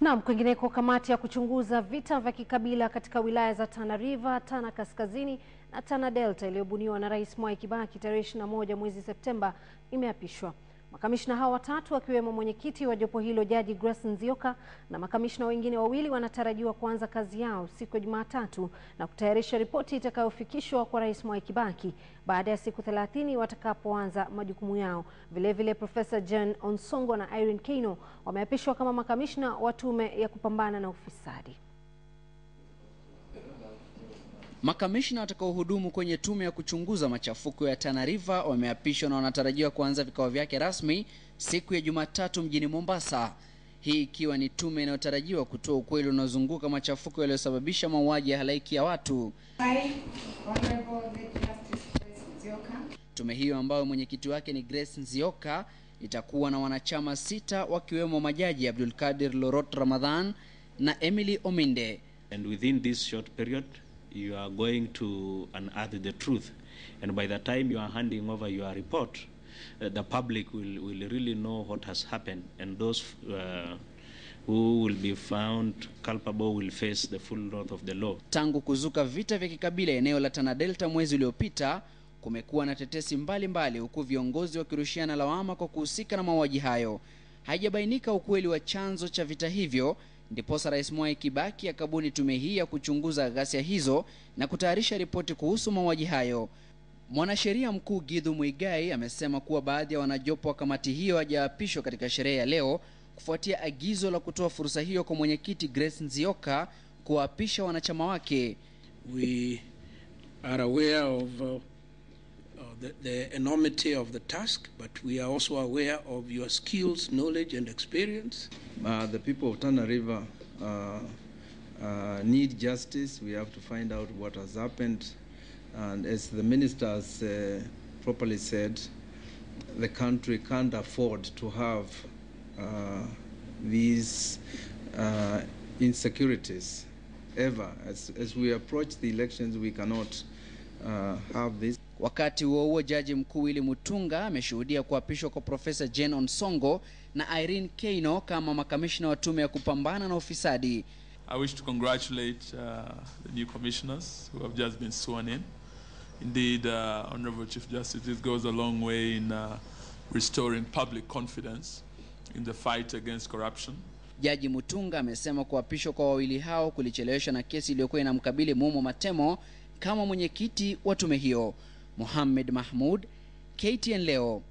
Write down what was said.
Naam, kwingineko kamati ya kuchunguza vita vya kikabila katika wilaya za Tana River, Tana Kaskazini na Tana Delta iliyobuniwa na Rais Mwai Kibaki tarehe 21 mwezi Septemba imeapishwa. Makamishna hao watatu wakiwemo mwenyekiti wa jopo hilo Jaji Grace Nzioka na makamishna wengine wawili wanatarajiwa kuanza kazi yao siku ya Jumatatu na kutayarisha ripoti itakayofikishwa kwa Rais Mwai Kibaki baada ya siku 30 watakapoanza majukumu yao. Vilevile, Profesa Jane Onsongo na Irene Keino wameapishwa kama makamishna wa Tume ya Kupambana na Ufisadi. Makamishna watakaohudumu kwenye tume ya kuchunguza machafuko ya Tana River wameapishwa na wanatarajiwa kuanza vikao vyake rasmi siku ya Jumatatu mjini Mombasa. Hii ikiwa ni tume inayotarajiwa kutoa ukweli unaozunguka machafuko yaliyosababisha mauaji ya halaiki ya watu. Tume hiyo ambayo mwenyekiti wake ni Grace Nzioka itakuwa na wanachama sita wakiwemo majaji abdul kadir Lorot Ramadhan na Emily Ominde. And within this short period you are going to unearth the truth. And by the time you are handing over your report, uh, the public will, will really know what has happened. And those uh, who will be found culpable will face the full wrath of the law. Tangu kuzuka vita vya kikabila eneo la Tana Delta mwezi uliopita, kumekuwa na tetesi mbalimbali huku mbali, viongozi wakirushiana lawama kwa kuhusika na mauaji hayo. Haijabainika ukweli wa chanzo cha vita hivyo. Ndiposa Rais Mwai Kibaki akabuni tume hii ya kuchunguza ghasia hizo na kutayarisha ripoti kuhusu mauaji hayo. Mwanasheria mkuu Githu Muigai amesema kuwa baadhi ya wanajopo wa kamati hiyo hajaapishwa katika sherehe ya leo kufuatia agizo la kutoa fursa hiyo kwa mwenyekiti Grace Nzioka kuwaapisha wanachama wake. We are aware of uh, Uh, the, the enormity of the task, but we are also aware of your skills, knowledge, and experience. Uh, the people of Tana River uh, uh, need justice. We have to find out what has happened. And as the minister has uh, properly said, the country can't afford to have uh, these insecurities ever. As, as we approach the elections, we cannot have this. Wakati huo huo, jaji mkuu Willy Mutunga ameshuhudia kuapishwa kwa Profesa Jane Onsongo na Irene Keino kama makamishna wa tume ya kupambana na ufisadi. I wish to congratulate uh, the new commissioners who have just been sworn in. Indeed, uh, Honorable Chief Justice, this goes a long way in uh, restoring public confidence in the fight against corruption. Jaji Mutunga amesema kuapishwa kwa wawili hao kulicheleweshwa na kesi iliyokuwa inamkabili Mumo Matemo kama mwenyekiti wa tume hiyo. Mohamed Mahmud. KTN leo